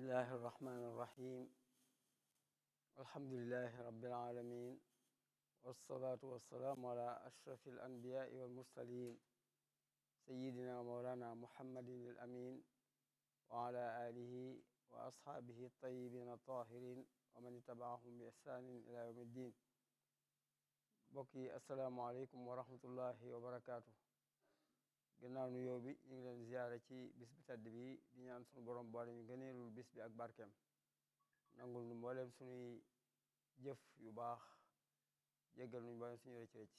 bismillahi irrahmani irrahim alhamdulilahi rabilalamin walsalaatu walsalaamu ala ashrafi alanbiyaai walmursalin sayidina wa mawlana muhammadin alamin wa ala alihi wa ashaabihi altayibin altahirin wa man itabaahum bi ihsanin ila yawm iddin bokki assalaamu aleykum wa rahmatullahi wa barakatuh gannaaw nu yow bi ñu ngi leen ziyaara ci bis bi tedd bi di ñaan borom boole ñu gëneelul bis bi ak barkeem nangul nu mbooleem jëf yu baax jéggal nuñ mbooleem suñu rëcc rëcc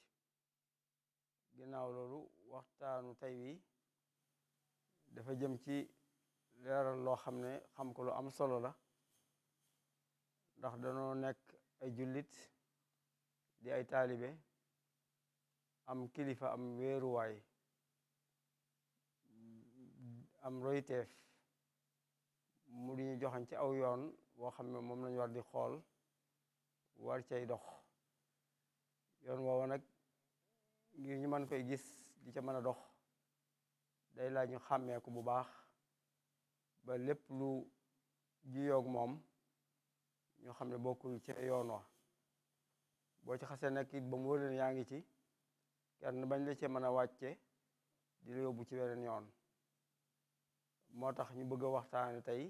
gannaaw loolu waxtaanu tey wi dafa jëm ci leeral loo xam ne xam ko lu am solo la ndax danoo nekk ay jullit di ay taalibe am kilifa am wéeruwaay am royteef mu di ñu joxañ ci aw yoon woo xam ne moom lañu war di xool war cay dox yoon woowa nag ngir ñu mën koy gis di ca mën a dox day laaj ñu xàmmee ko bu baax ba lépp lu jiyoog moom ñoo xam ne bokkul ci yoon wa boo ci xasee nekk it ba mu wóor leen yaa ngi ci kenn bañ la cee mën a wàcce di la yóbbu ci wereen yoon moo tax ñu bëgg a waxtaane tey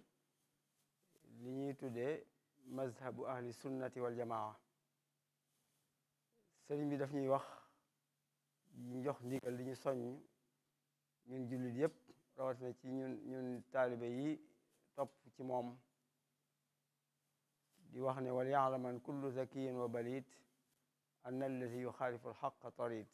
li ñuy tuddee mazhabu ahli sunnati wal jamaa sëriñ bi daf ñuy wax ñu jox ndigal li ñu soññ ñun jullit yépp rawatina ci ñun ñun taalibe yi topp ci moom di wax ne wal yaalaman kullu zakiyin wa balit anna allazi yuxaalifu alxaqa tarit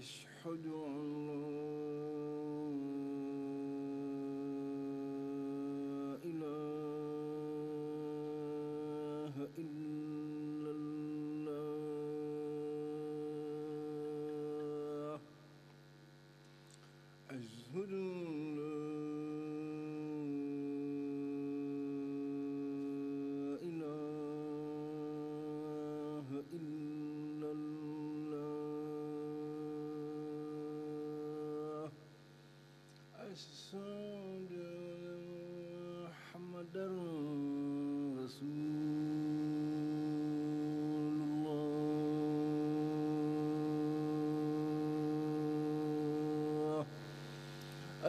أشهد الله إله إلا الله أشهد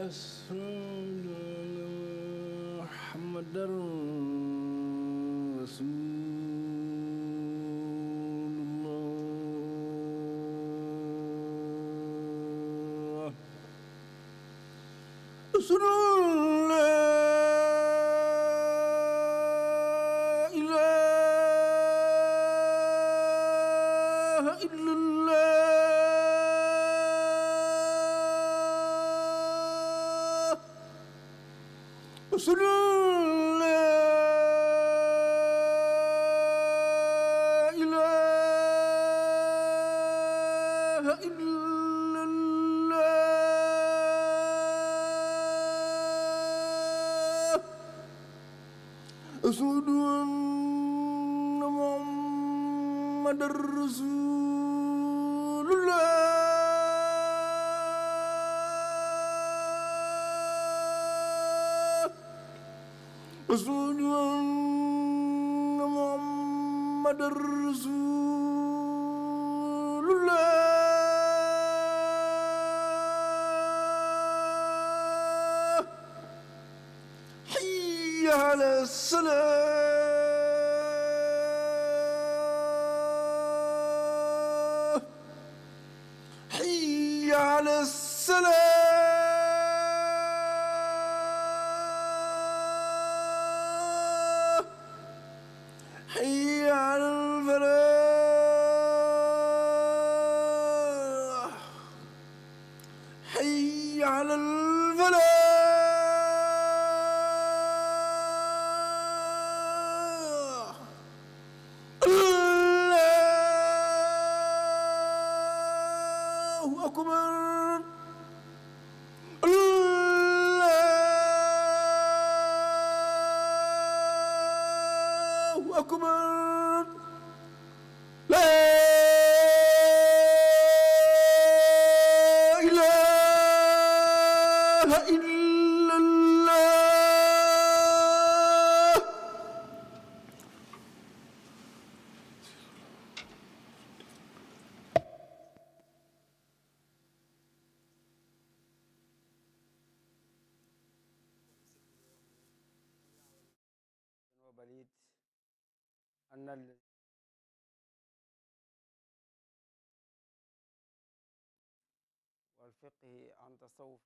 أشهد أن محمدا رسول الله أشهد أشهد أن محمد رسول أشهد أن محمد رسول الله حي على السلام البليد أن والفقه عن تصوف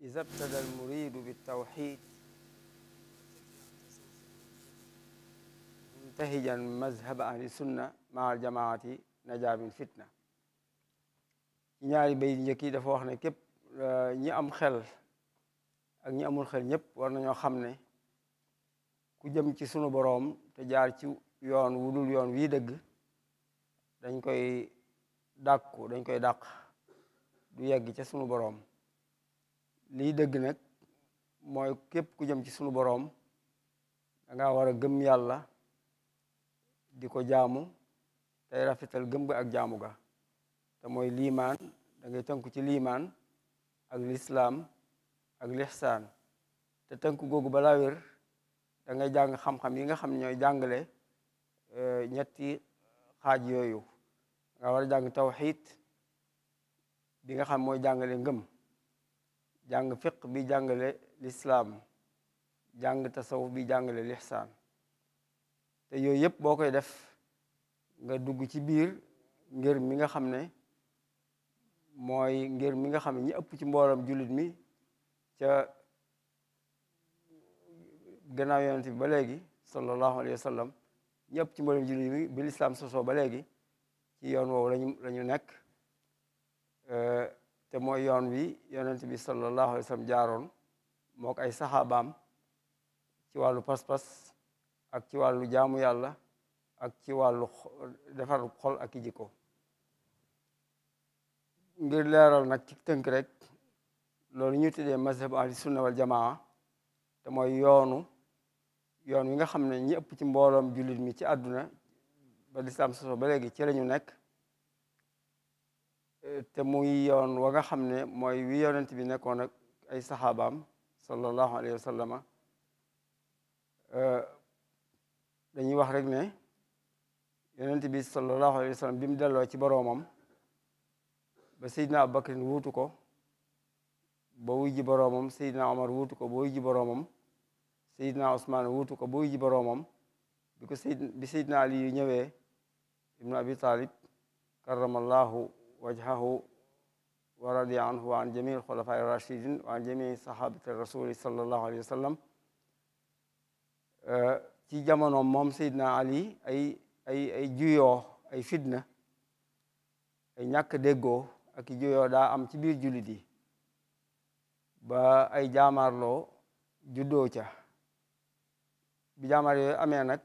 إذا ابتدى المريد بالتوحيد منتهجا مذهب أهل السنة مع الجماعة نجا من فتنه ñaari bay njëkk yi dafa wax ne képp euh, ñi am xel ak ñi amul xel ñëpp war nañoo xam ne ku jëm ci sunu boroom te jaar ci yoon wu dul yoon wii dëgg dañ koy dàkku dañ koy dàq du yegg ci sunu boroom lii dëgg nag mooy képp ku jëm ci sunu boroom danga war a gëm yàlla di ko jaamu tey rafetal gëm ga ak jaamu ga te mooy liimaan da tënku ci liimaan ak lislaam ak lixsaan te tënku googu balaa wér da jàng xamxam yi nga xam ñooy jàngale eh, ñetti xaaj yooyu nga war a jàng tawxiid bi nga xam mooy jàngale ngëm jàng fiq bi jàngale lislaam jàng tasawuf bi jàngale lixsaan te yooyu yëpp boo koy def nga dugg ci biir ngir mi nga xam ne mooy ngir mi nga xam ne ñi ëpp ci mboolam jullit mi ca gannaaw yonent bi ba léegi sallallahu alayhi wa sallam ñi ëpp ci mboolam jullit mi bi lislaam sosoo ba léegi ci yoon woowu lañu la ñu nekk te mooy yoon wi yonent bi sallallahu alayhi wa sallam jaaroon moo ko ay saxaabaam ci wàllu pas-pas ak ci wàllu jaamu yàlla ak ci wàllu defar xol ak i jikko ngir leeral nag ci tënk rek loolu ñu tuddee mazhab ahli sunna wal jamaa te mooy yoonu yoon wi nga xam ne ñi ëpp ci mbooloom jullit mi ci àdduna ba lislaam soso ba léegi ci ñu nekk te muy yoon wa nga xam ne mooy wi yonent bi nekkoon ak ay saxaabaam sallallahu alayhi wa dañuy wax rek ne yonent bi sallallahu alayhi wa sallam bi mu delloo ci boroomam ba Seydina Abubakrin wuutu ko ba wuy ji boroomam Seydina Omar ko ba wuy ji ko ba wuy ji bi ko Seyd bi Seydina Abi Talib karamallahu wajhahu wa radiya anhu wa an jamii xulafaai rachidin wa an jamii sahabati rasuli sallallahu alayhi wa sallam eh, moom Seydina Ali ay ay ay juyoo ay fitna ay ñàkk ak juyoo daa am ci biir jullit yi ba ay loo juddoo ca bi jaamaar yooyu amee nag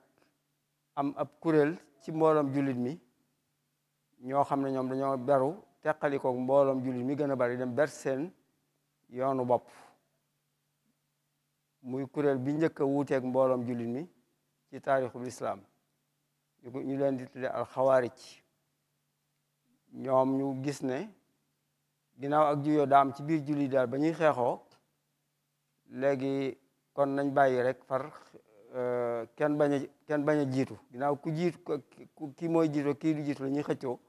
am ab kuréel ci mbooloom jullit mi ñoo xam ne ñoom dañoo beru teqalikook mbooloom jullit mi gën a bari dem ber seen yoonu bopp muy kuréel bi njëkk a wuuteeg mbooloom jullit mi ci taarixul islaam ñu leen di tudde alxawaarij ñoom ñu gis ginnaaw ak juyoo daam ci biir julli daal ba ñuy xeexoo léegi kon nañ bàyyi rek far euh, kenn bañ bañ jiitu ginnaaw ku jiitu kii mooy jiitu kii du jiitu la ñuy xëccoo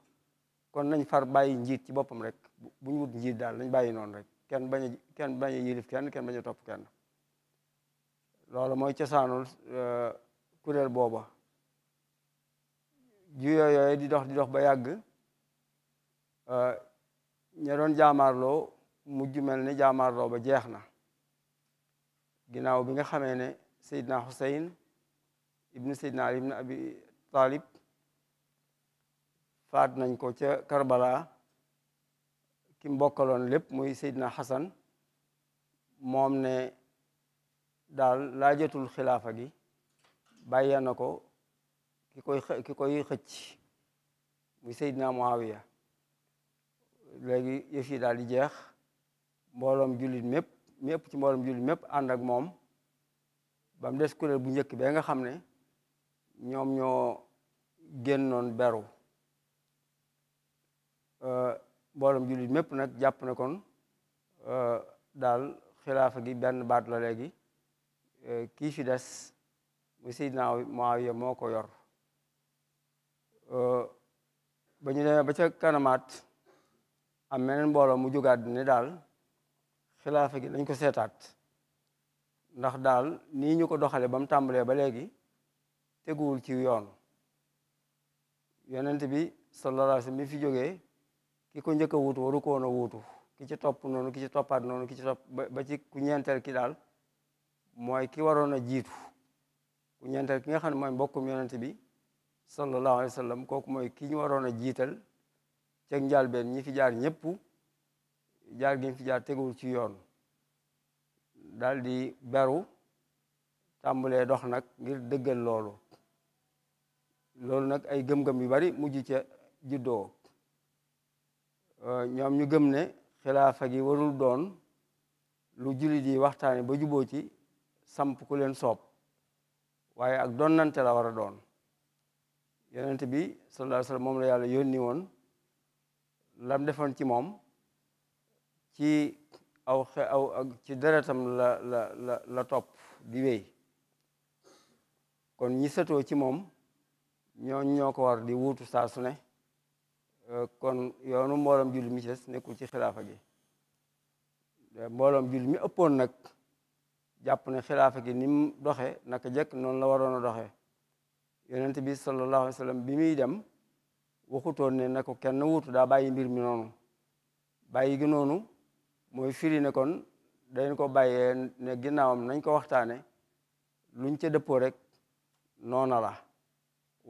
kon nañ far bàyyi njiit ci boppam rek bu ñu wut njiit daal nañ bàyyi noonu rek kenn bañ a kenn bañ yilif kenn kenn baña a topp kenn loolu mooy cosaanul euh, kuréel booba juyoo yooyu di dox di dox ba yàgg euh, ña doon jaamaarloo mujj mel ne jaamaarloo ba jeex na ginnaaw bi nga xamee ne Seydina Xuseyn ibnu Seydina Ali ibnu Abi Talib faat nañ ko ca Karbala ki bokkaloon lépp muy Seydina Xasan moom ne daal laajatul xilaafa gi bàyyi na ko ki koy ki koy xëcc muy Seydina Muawiya léegi yëf daal di jeex mbooloom jullit mépp mépp ci mbooloom jullit mépp ànd ak moom ba mu des kuréel bu njëkk bee nga xam ne ñoom ñoo génnoon beru euh, mbooloom jullit mépp nag jàpp ne kon euh, daal xilaafa gi benn baat la léegi euh, kii fi des mu Seydina Muawiya moo ko yor ba ñu demee ba ca kanamaat am meneen mbooloo mu jógaat ne daal xilaafa gi dañ ko seetaat ndax daal nii ñu ko doxalee ba mu tàmbalee ba léegi teguwul ci yoon yonent bi sallallahu alayhi wasallam bi fi jógee ki ko njëkk a wuutu waru ko woon a wuutu ki ci topp noonu ki ci toppaat noonu ki ci topp ba ci ku ñeenteel ki daal mooy ki waroon a jiitu ku ñeenteel ki nga xam ne mooy mbokkum yonent bi sallallahu alayhi wasallam kooku mooy ki ñu waroon a jiital ceg njàlbeen ñi fi jaar ñëpp jaar gi fi jaar tegul ci yoon daldi di beru dox nag ngir dëggal loolu loolu nag ay gëm-gëm yu bari mujj ca juddoo ñoom ñu gëm ne xilaafa gi warul doon lu jullit yi waxtaane ba juboo ci samp ku leen soob waaye ak donnante la war a doon yonent bi sallallahu alayhi moom la yàlla yónni woon lam defoon ci moom ci aw xe ci deretam la la la la topp di wéy kon ñi setoo ci moom ñooñ ñoo ko war di wuutu saa ne euh, kon yoonu mboolam julli mi ci des nekkul ci xilaafa gi euh, mbooloom julli mi ëppoon nag jàpp ne xilaafa gi ni mu doxe naka jëkk noonu la waroon a doxe yonent bi sallallahu alayhi bi muy dem waxutoon ne na ko kenn wuutu daa bàyyi mbir mi noonu bàyyi gi noonu mooy firi ne kon dañ ko bàyyee ne ginnaawam nañ ko waxtaane luñ ca dëppoo rek noona la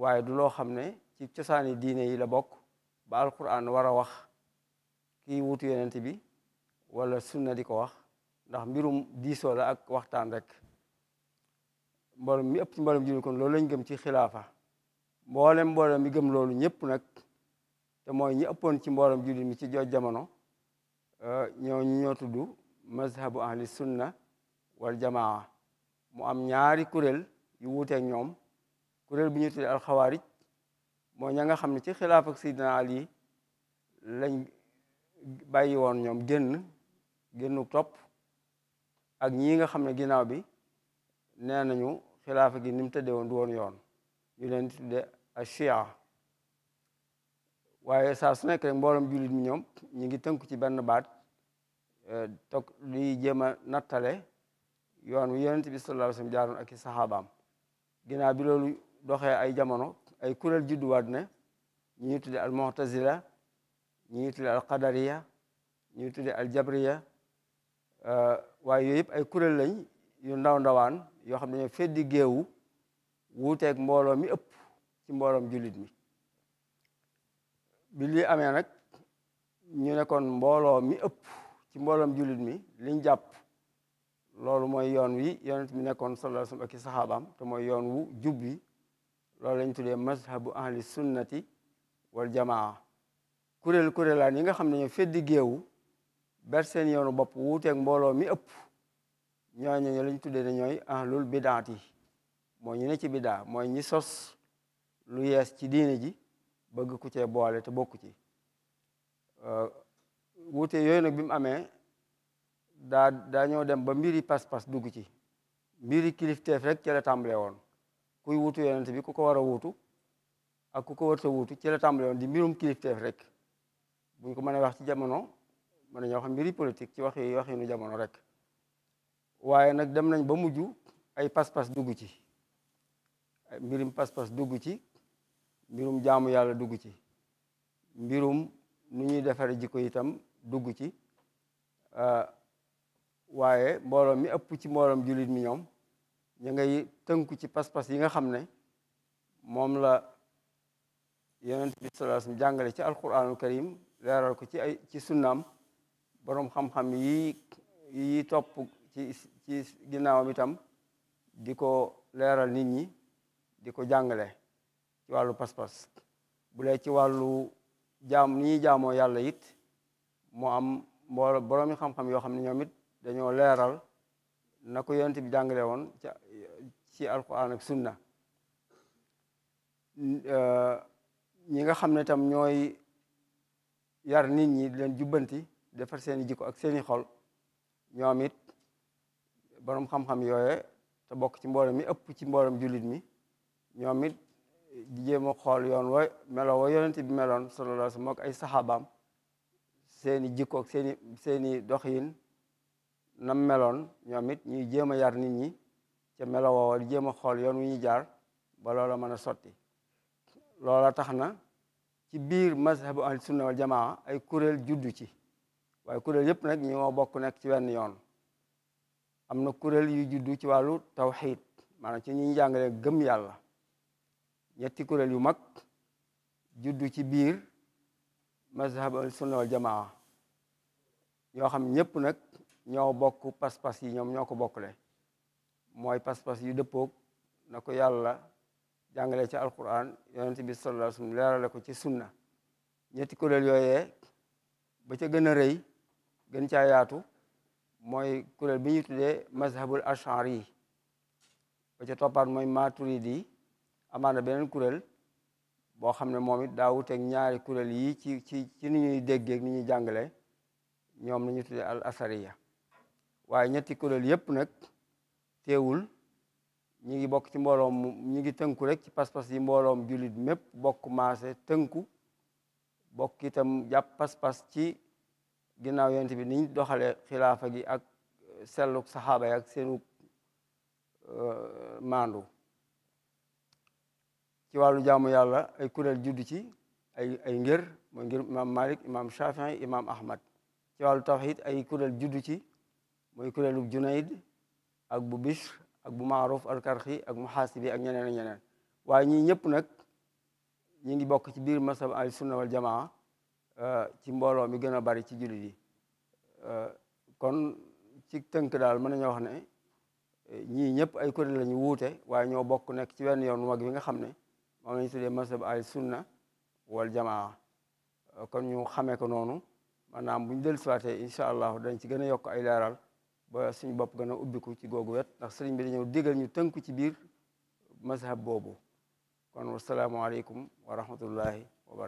waaye du loo xam ne ci cosaani diine yi la bokk ba alquran war a wax kii wuutu yonent bi wala sunna di ko wax ndax mbirum diisoo la ak waxtaan rek mboolem mi ëpp ci mboolem jullit kon loolu lañ gëm ci xilaafa mboolem mboolem mi gëm loolu ñëpp nag te mooy ñi ëppoon ci mboolem jullit mi ci jooj jamono euh, ñoo ñoo tudd mazhabu ahli sunna wal jamaa mu am ñaari kuréel yu wuuteeg ñoom kuréel bu ñuy tuddee alxawaarij moo ña nga xam ne ci xilaaf ak Seydina Ali lañ bàyyi woon ñoom génn génnu topp ak ñi nga xam ne ginnaaw bi nee nañu xilaafa gi ni mu tëddee woon du woon yoon ñu leen di a Chia waaye saa su nekk mbooloom jullit mi ñoom ñu ngi tënku ci benn baat eh, toog luy jéem a nattale yoon wi yonent bi sallallahu alayhi jaaroon ak i saxaabaam ginnaaw bi loolu doxee ay jamono ay kuréel judduwaat ne ñu ñu tudde al mu'tazila ñu ñu tudde al qadariya ñu ñu al jabriya eh, waaye yooyu yëpp ay kuréel lañ yu ndaw ndawaan yoo xam ne ñoo feddi géewu wuuteeg mbooloo mi ëpp ci mbooloom jullit mi bi lii amee nag ñu nekkoon kon mi ëpp ci mbooloom jullit mi liñ jàpp loolu mooy yoon wi yonent mi nekkoon sallallahu ak saxaabaam te mooy yoon wu jub wi loolu lañ tuddee mazhabu ahli sunnati wal jamaa kuréel kuréelaan yi nga xam ne ñoo feddi géewu ber seen yoonu bopp wuuteeg mbooloo mi ëpp ñooñu lañ tuddee ne ñooy ahlul bidaat yi moo ñu ne ci bidaa mooy ñi sos lu yees ci diine ji bëgg ku cee boole te bokku ci euh, wuute yooyu nag bi mu amee daa dañoo dem ba mbiri pas-pas dugg ci mbiri kilifteef rek ci la tàmbale woon kuy wuutu yonent bi ku ko war a wuutu ak ku ko warta wuutu wutu la tàmbale woon di mbirum kilifteef rek buñ ko mën a wax ci jamono mën nañoo wax mbiri politique ci wax yi waxinu jamono rek waaye nag dem nañ ba mujj ay pas-pas dugg ci mbirim pas-pas dugg ci mbirum jaamu yàlla dugg ci mbirum nu ñuy defare jikko itam dugg ci ah, waaye mbooloom mi ëpp ci mbooloom jullit mi ñoom ñu ngay tënku ci pas-pas yi nga xam ne moom la yonent bi sallallahu alayhi wasallam jàngale ci alquranul karim leeral ko ci ay ci sunnaam boroom xam-xam yi yi topp ci ci ginnaawam itam di ko leeral nit ñi di ko jàngale ci wàllu pas-pas bu dee ci wàllu jaam ni ñuy jaamoo yàlla it mu am mbooloo boroomi xam-xam yoo xam ne ñoom it dañoo leeral na ko yonent bi jàngale woon ci alquran ak sunna euh, ñi nga xam ne tam ñooy yar nit ñi di leen jubbanti defar seeni jikko ak seeni xol ñoom it boroom xam-xam yooye te bokk ci mboolem mi ëpp ci mboolem jullit mi ñoom di jéem a xool yoon wa melo wa yonent bi meloon solo alayhi wa sallam ay saxaabaam seeni jikkoog seeni seeni doxin nam meloon ñoom it ñuy jéem a yar nit ñi ca melo woowa di jéem a xool yoon wu ñuy jaar ba loola mën a sotti loola tax na ci biir mazhabu bu sunna wal jamaa ay kuréel juddu ci waaye kuréel yëpp nag ñoo bokk nekk ci wenn yoon am na kuréel yu juddu ci wàllu tawxiid maanaam ci ñi ñu jàngale gëm yàlla ñetti kuréel yu mag juddu ci biir mazhab al sunna wal yoo xam ñépp nag ñoo bokk pas yi ñoom ñoo ko bokkle mooy pas-pas yu dëppoog na ko yàlla jàngale ci alquran yonent bi sallallahu alayhi wa ko ci sunna ñetti kuréel yooyee ba ca gën a rëy gën caa yaatu mooy kuréel bi ñu tuddee mazhabul ashari ba ca toppaat mooy maturidi amaana beneen kuréel boo xam ne moom it daa wuteeg ñaari kuréel yi ci ci ci ni ñuy déggee ni ñuy jàngale ñoom la ñu tuddee al asariya waaye ñetti kuréel yépp nag teewul ñi ngi bokk ci mbooloom ñi ngi tënku rek ci pas-pas yi mbooloom jullit mépp bokk maase tënku bokk itam jàpp pas-pas ci ginnaaw yonent bi niñ doxale xilaafa gi ak selluk saxaaba yi ak seenu euh, maandu ci wàllu jaamu yàlla ay kuréel juddu ci ay ay ngir mooy ngir imaam Malik imaam Shafii imaam Ahmad ci wàllu tawxid ay kuréel juddu ci mooy kuréelu Junayd ak bu Bishr ak bu Maaruf al ak ak Muhaasibi ak ñeneen ñeneen waaye ñii ñëpp nag ñi ngi bokk ci biir masab al sunna wal jamaa euh, ci mbooloo mi gën a bari ci jullit yi euh, kon ci tënk daal mën nañoo wax ne euh, ñii ñëpp ay kuréel la ñu wuute waaye ñoo bokk nekk ci wenn yoon mag bi nga xam ne moom lañu tuddee masab al sunna wal jamaa kon ñu xamee ko noonu maanaam bu ñu dellu siwaatee incha allahu dañ ci gën a yokk ay leeral ba suñu bopp gën a ubbiku ci googu wet ndax sëriñ bi dañoo digal ñu tënku ci biir mazhab boobu kon wasalaamualeykum wa rahmatullahi wa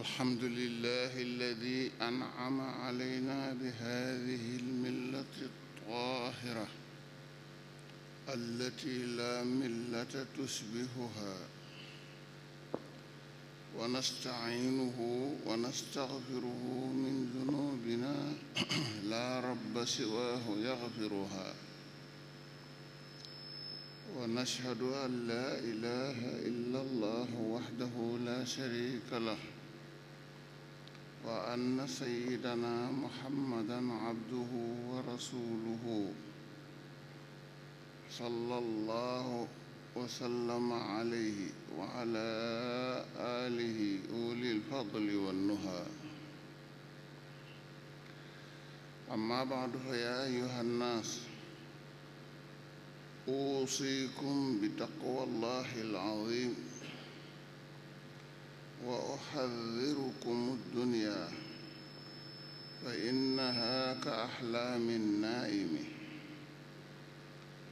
الحمد لله الذي أنعم علينا بهذه الملة الطاهرة التي لا ملة تشبهها ونستعينه ونستغفره من ذنوبنا لا رب سواه يغفرها ونشهد أن لا إله إلا الله وحده لا شريك له wa anna sayyidana muhammadan abduhu wa rasuluhu sallallahu wa sallama alayhi wa ala alihi ulil fadli wan nuha amma ba'du fa ya ayyuhan nas أوصيكم بتقوى الله العظيم وأحذركم الدنيا فإنها كأحلام النائم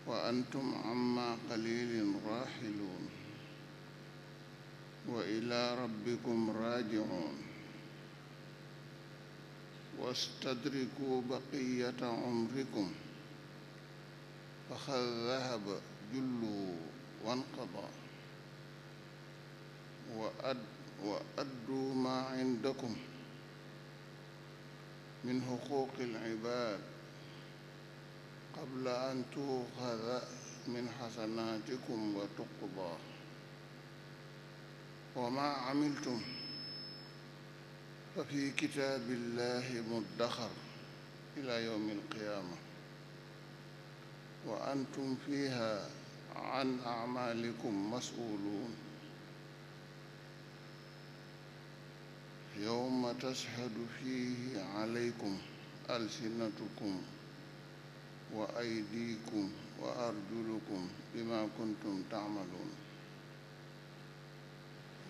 وأنتم عما قليل راحلون وإلى ربكم راجعون واستدركوا بقية عمركم فقد ذهب جلوا وانقضى وأد wa adduu maa indakum min xuquuqi al-ibaad qabla an tuuxada min xasanaatikum wa tuqdaa wa maa camiltum fa fi kitaabillahi muddaxar ilaa yawmi alqiyaama wa antum fiihaa can acmaalikum mas'uuluun yawma tashhadu fiihi alaykum alsinatukum wa aydiikum wa arjulukum bima kuntum taamaluun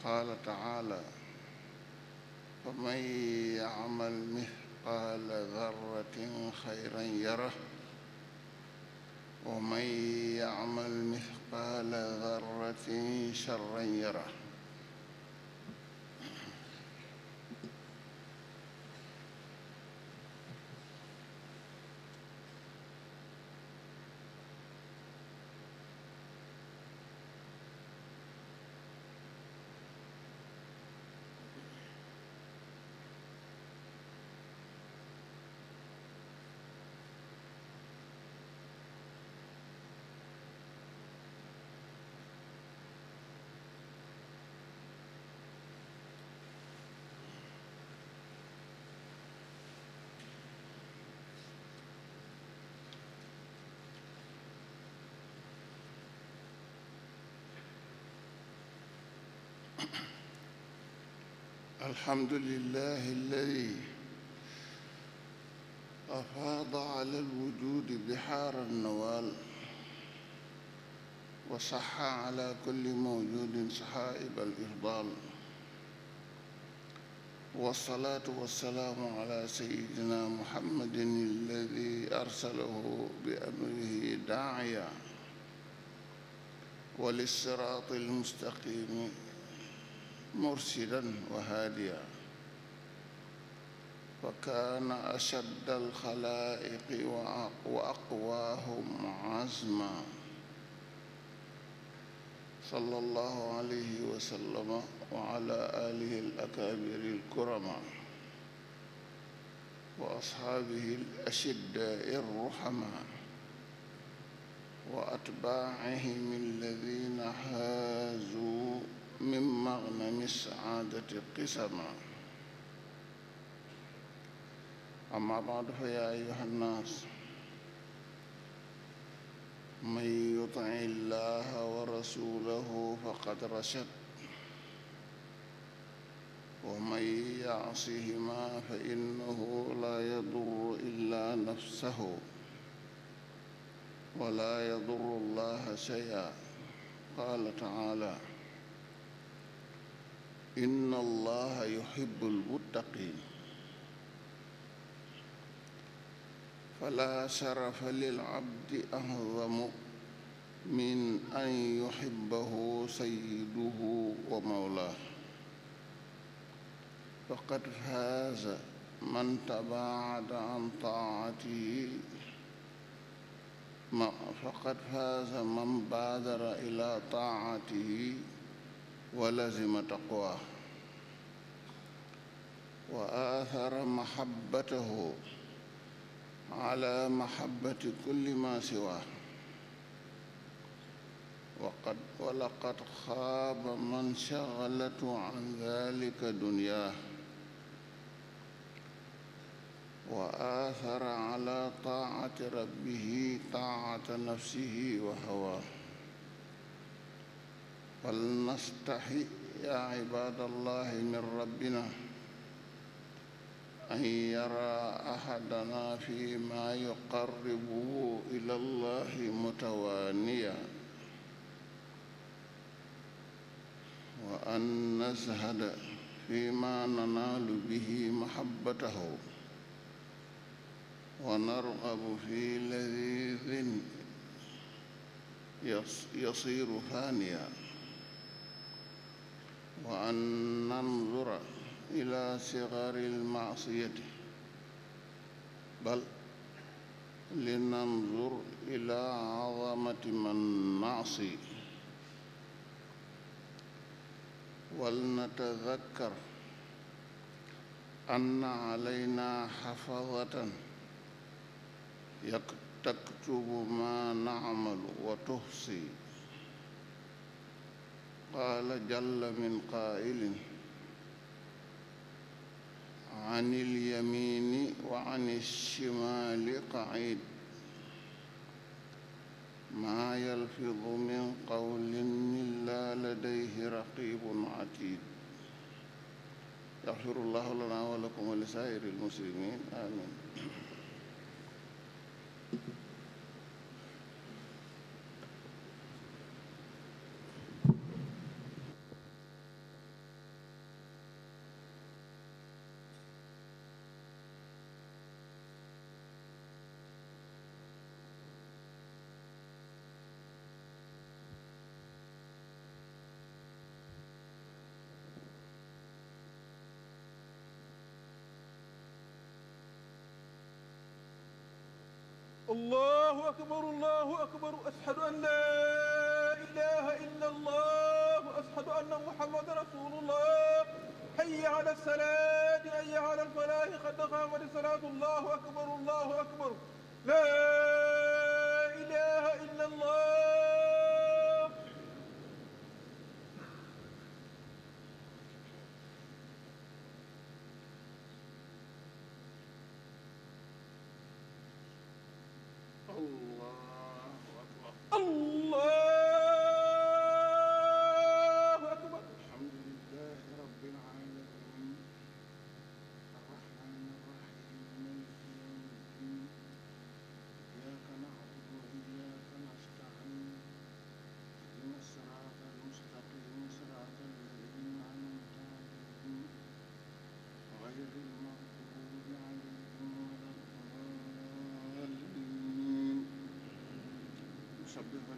qaala taala faman yacmal mithqaala darratin xayran yarah wa man yacmal mithqaala darratin sharran yarah الحمد لله الذي أفاض على الوجود بحار النوال وصح على كل موجود صحائب الإفضال والصلاة والسلام على سيدنا محمد الذي أرسله بأمره داعيا وللصراط المستقيم مرشدا وهاديا وكان أشد الخلائق وأقواهم عزما صلى الله عليه وسلم وعلى آله الأكابر الكرماء وأصحابه الأشداء الرحماء وأتباعهم الذين حازوا من مغنم السعادة قسما أما بعد فيا أيها الناس من يطع الله ورسوله فقد رشد ومن يعصهما فإنه لا يضر إلا نفسه ولا يضر الله شيئا قال تعالى inna allaha yuhibbul muttaqin fala sharafa lil abdi ahzamu min an yuhibbahu sayyiduhu wa mawlah faqad faaza man tabaada an taatihi ma faqad faaza man baadara ila taatihi ولزم تقواه وآثر محبته على محبة كل ما سواه وقد ولقد خاب من شغلته عن ذلك دنياه وآثر على طاعة ربه طاعة نفسه وهواه فلنستحي يا عباد الله من ربنا أن يرى أحدنا فيما يقربه إلى الله متوانيا وأن نزهد فيما ننال به محبته ونرغب في لذيذ يصير فانيا وأن ننظر إلى صغر المعصية بل لننظر إلى عظمة من نعصي ولنتذكر أن علينا حفظة تكتب ما نعمل وتحصي قال جل من قائل عن اليمين وعن الشمال قعيد ما يلفظ من قول إلا لديه رقيب عتيد يغفر الله لنا ولكم ولسائر المسلمين آمين allahu akbar allahu akbar ashhadu an la ilaha illa allah ashhadu anna muhammadan rasulullah hayya ala salaati hayya ala falaahi qad qaamat salaatu allahu akbar allahu akbar la ilaha illa allah Shabdul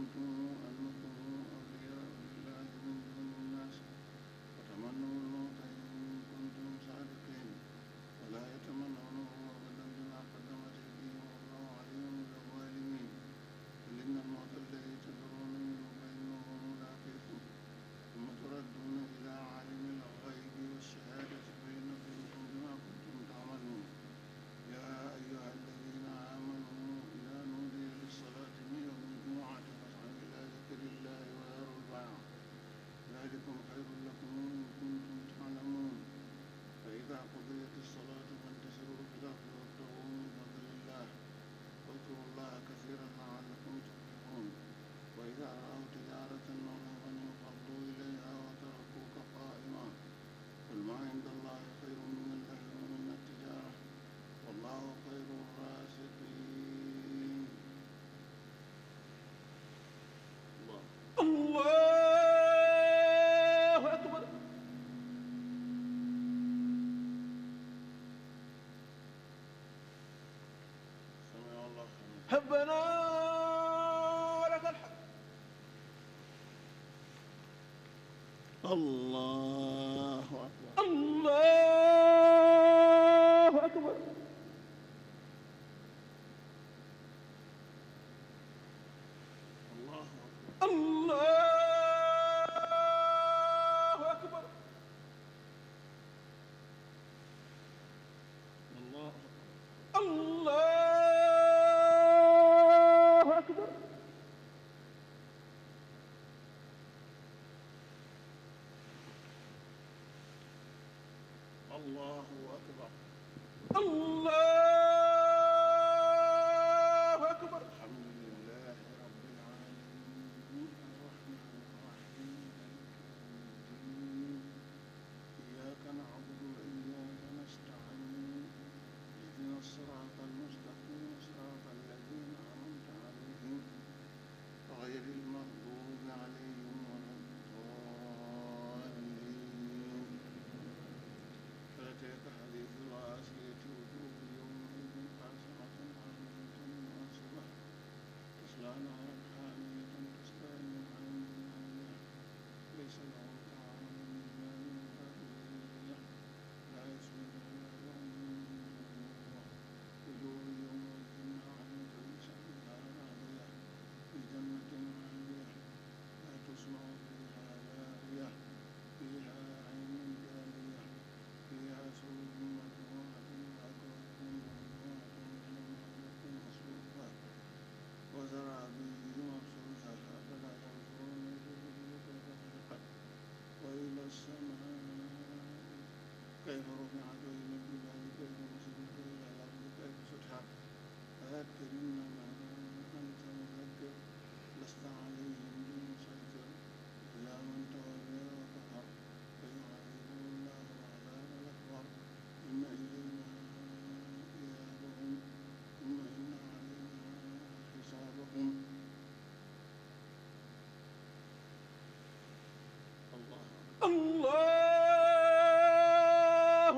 أنتم ربنا ولك الحمد الله non non. allahu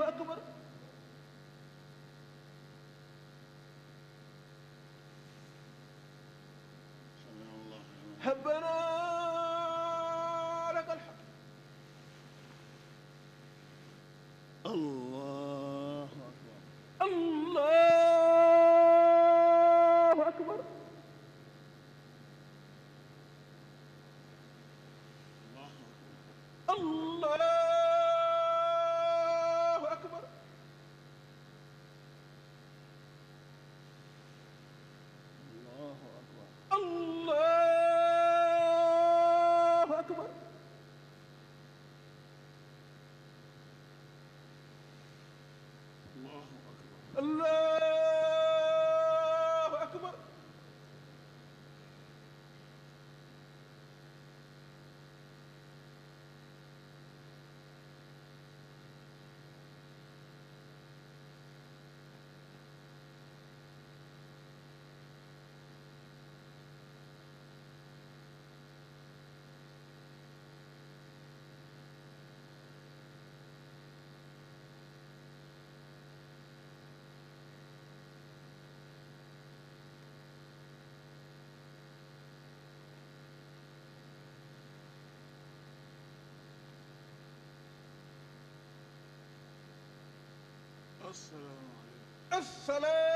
akbar habbana lakal hamd والسلام عليكم السلام